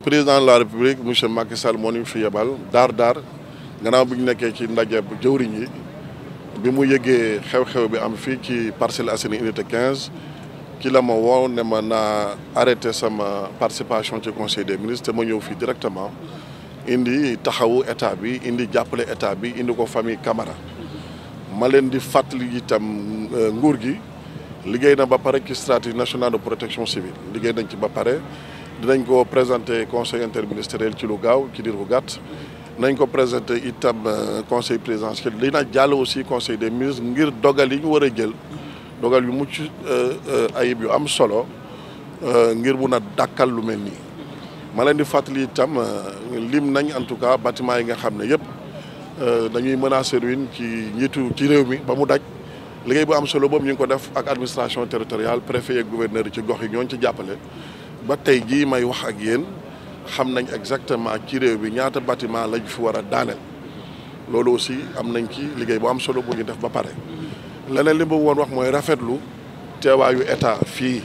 président de la république monsieur Macky Sall fi yebal daar daar gannaaw bi ñu nekkee ci ndaje bu jëwriñ yi bi mu yëgee xew-xew bi am fii ci Parcelles Assainies unité 15 ci la ma woo ne ma naa arrêté sama participation ci conseil des ministres te ma ñëw fii directement indi taxawu état bi indi jàppale état bi indi ko famille Camara ma leen di fàttali itam euh, nguur gi. liggéey na ba pare ci stratégie nationale de protection civile liggéey nañ ci ba pare dinañ ko présenter conseil interministériel ci lu gaaw ci diir bu gàtt. nañ ko présenter itam euh, conseil li na jàll aussi conseil des ministres ngir dogal yi ñu war a jël dogal yu mucc euh, euh, ayib yu am solo ngir mun a dàkkal lu mel nii. ma leen di fàttali itam lim nañ en tout cas bâtiment yi nga xam ne yëpp dañuy menacer ruine ci njiitu ci réew mi ba mu daj. liggéey bu am solo boobu ñu ngi ko def ak administration territoriale préfet yeeg gouverneur ci gox yi ñooñu ci jàppale ba tey jii may wax ak yéen xam nañ exactement ci réew bi ñaata bâtiment lañ fi war a daaneel loolu aussi am nañ ci liggéey bu am solo bu ñu def ba pare. leneen li mu woon wax mooy rafetlu teewaayu état fii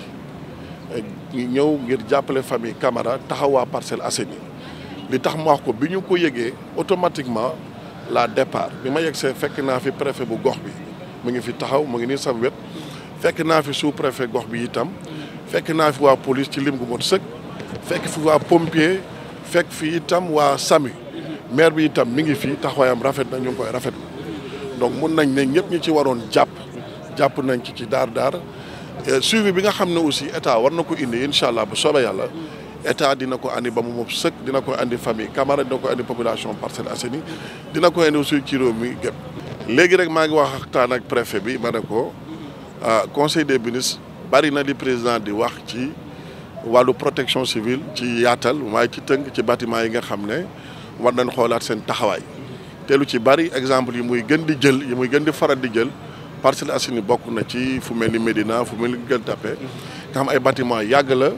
ñu ñëw ngir jàppale famille Camara taxawaa Parcelles Assainies bi tax ma wax ko bi ñu ko yegee automatiquement la départ bi ma yegg see fekk naa fi préfet bu gox bi. mu ngi fi taxaw mu ngi nii sam wet fekk naa fi sous préfet gox bi itam fekk naa fi waa police ci lim gu mot sëkk fekk fi waa pompier fekk fi itam waa sami maire bi itam mi ngi fi taxawaayam rafet na ñu ngi koy rafet donc mun nañ ne ñëpp ñu ci waroon jàpp jàpp nañ ci ci daar daar euh, suivi bi nga xam ne aussi état war na ko indi incha allah bu soobee yàlla état dina ko andi ba mu moom sëkk dina ko andi famille Camara dina ko andi population Parcelles Assainies dina ko andi aussi ci réew mi gépp léegi rek maa ngi waxtaan ak préfet bi ma ne ko ah, conseil des ministres bari na li président di wax ci wàllu protection civile ci yaatal waaye ci tënk ci batiment yi nga xam ne war nañ xoolaat seen taxawaay te lu ci bari exemple yi muy gën di jël yi muy gën di faral di jël Parcelles Assainies bokk na ci fu mel ni Médina fu mel ni Gueule Tapée nga xam ay batiment yàgg la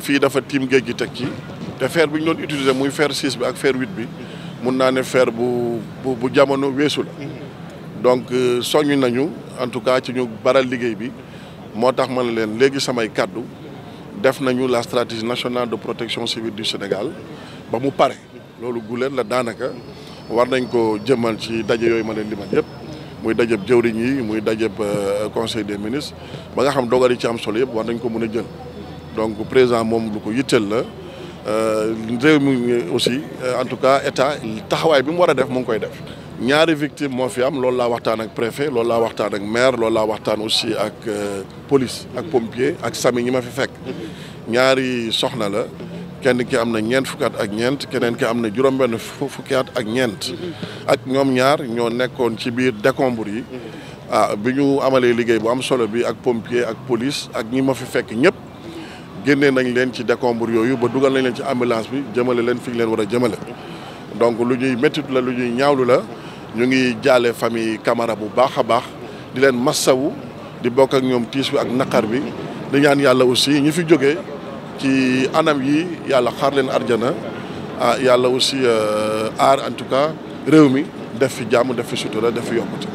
fii dafa tiim géej gi teg ci te fer bi ñu doon utiliser muy fer 6 bi ak fer 8 bi mun naa ne faire bu bu jamono weesu la. donc euh, soññ nañu en tout cas ci ñu baral liggéey bi moo tax ma ne leen léegi samay kàddu def nañu la stratégie nationale de protection civile du Sénégal ba mu pare loolu guleen la daanaka war nañ ko jëmal ci daje yooyu ma leen limal yëpp muy dajëb jëwriñ yi muy dajëb euh, conseil des ministres ba nga xam dogal yi ci am solo yëpp war nañ ko mun a jël donc président moom lu ko yitteel la. Euh, réew mi aussi euh, en tout cas état taxawaay bi mu war a def mu ngi koy def ñaari victime moo fi am loolu laa waxtaan ak préfet loolu laa waxtaan ak maire loolu laa waxtaan aussi ak euh, police ak pompier ak sami ñi ma fi fekk ñaari soxna la kenn ki am na ñeent fukki at ak ñeent keneen ki am na juróom-benn fukki at ak ñeent ak ñoom ñaar ñoo nekkoon ci biir décombre yi ah bi ñu amalee liggéey bu am solo bi ak pompier ak police ak ñi ma fi fekk ñëpp génnee nañ leen ci décombre yooyu ba dugal nañ leen ci ambulance bi jëmale leen fi leen war a jëmale donc lu ñuy méttit la lu ñuy ñaawlu la ñu ngi jaale famille Camara bu baax a baax di leen massawu di bokk ak ñoom tiis bi ak naqar bi di ñaan yàlla aussi ñu fi jóge ci anam yi yàlla xaar leen arjana ah yàlla aussi euh, aar en tout cas réew mi def fi jaamu def fi sutura def fi yokkute